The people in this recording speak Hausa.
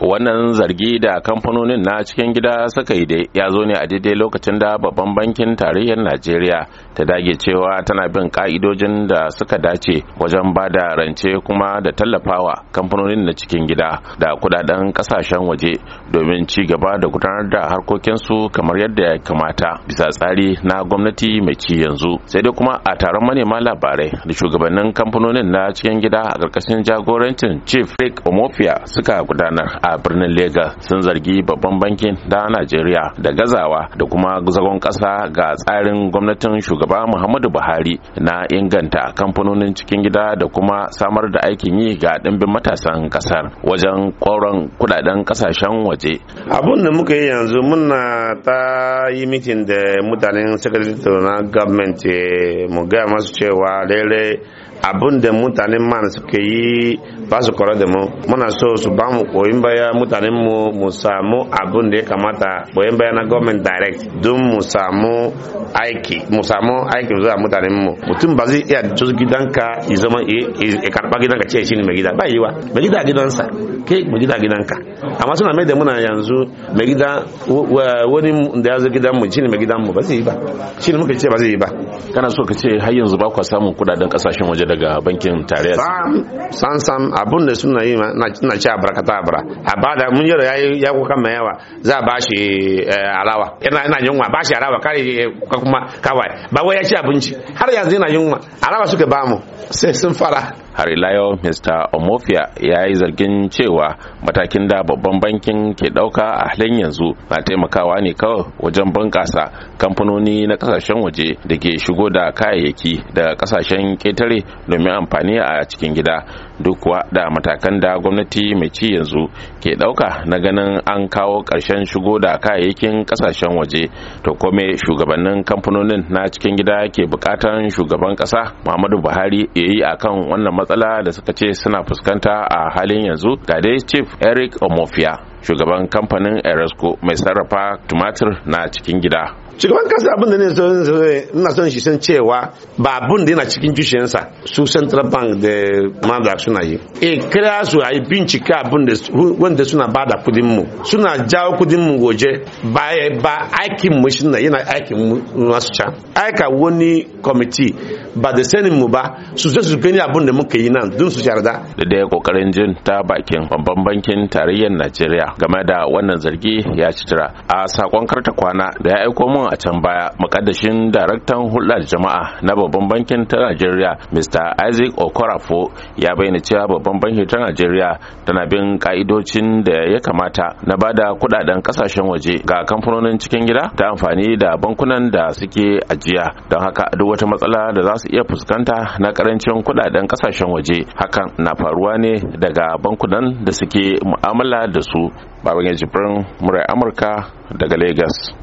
wannan zargi da kamfanonin na cikin gida suka yi ya zo ne a daidai lokacin da babban bankin tarayyar najeriya ta dage cewa tana bin ka'idojin da suka dace wajen ba da rance kuma da tallafawa kamfanonin na cikin gida da kudaden kasashen waje domin ci gaba da gudanar da harkokinsu kamar yadda ya kamata bisa tsari na gwamnati mai ci yanzu sai dai kuma a taron manema labarai da shugabannin kamfanonin na cikin gida a ƙarƙashin jagorancin chief rick omofia suka gudanar a birnin Legas sun zargi babban bankin da Najeriya da gazawa da kuma zagon ƙasa ga tsarin gwamnatin shugaba Muhammadu Buhari na inganta kamfanonin cikin gida da kuma samar da aikin yi ga ɗimbin matasan kasar wajen ƙoron kudaden kasashen waje. Abun da muka yi yanzu muna ta yi mitin da mutanen sakatare na government eh, mu gaya masu cewa lele abun da mutanen man suka yi ba su kora da mu muna so su ba mu koyin bayan tausaya mutanen mu mu samu abun da ya kamata boyen bayana government direct don mu samu aiki mu samu aiki zuwa mutanen mu mutum ba zai iya jos gidanka ya zama ya karba gidanka ce shi ne mai gida ba yi wa mai gida gidansa ke mai gida gidanka amma suna mai da muna yanzu mai gida wani da ya zo gidan mu shi mai gidan mu ba zai yi ba shi muka ce ba zai yi ba kana so ka ce har yanzu ba ku samun kudaden kasashen waje daga bankin tarayya sam sam abun da suna yi na ci a barakata a a da mun yayi ya kuka mai yawa za ba shi eh, alawa ina ina yunwa ba shi alawa kare eh, kuma kawai ba wai ya ci abinci har yanzu ina yunwa alawa suke bamu sai sun fara har layo mr omofia ya yi zargin cewa matakin da babban bankin ke dauka a halin yanzu na taimakawa ne kawai wajen bunƙasa kamfanoni na kasashen waje da ke shigo da kayayyaki da kasashen ketare domin amfani a cikin gida duk kuwa da matakan da gwamnati mai ci yanzu ke dauka na ganin an kawo ƙarshen shigo da kayayyakin kasashen waje to kome shugabannin kamfanonin na cikin gida ke bukatan shugaban ƙasa muhammadu buhari ya yi akan wannan matsala da suka ce suna fuskanta a halin yanzu ga dai chief eric omofia shugaban kamfanin erasco mai sarrafa tumatir na cikin gida shugaban kasa abin da ne ina son shi san cewa ba abin da yana cikin zuciyarsa su central bank da mada suna yi e kira su a yi bincika abin da wanda suna ba da kudin mu suna jawo kudin mu goje ba ba aikin mu yana aikin mu nasu can aika wani kwamiti ba da sanin mu ba su zai su gani abin da muka yi nan dun su yarda da daya kokarin jin ta bakin babban bankin tarayyar Najeriya game da wannan zargi ya ci tura a sakon karta kwana da ya aiko mun Tun a can baya makaddashin daraktan hulɗar jama'a na babban bankin ta Najeriya Mr. Isaac Okorafo ya bayyana cewa babban banki ta Najeriya tana bin ka'idocin da ya kamata na bada kuɗaɗen kasashen waje ga kamfanonin cikin gida ta amfani da bankunan da suke ajiya don haka duk wata matsala da za su iya fuskanta na karancin kuɗaɗen kasashen waje hakan na faruwa ne daga bankunan da suke mu'amala da su baban jibrin murai amurka daga Legas.